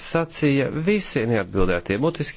sacīja, visi neatbildētie mutiski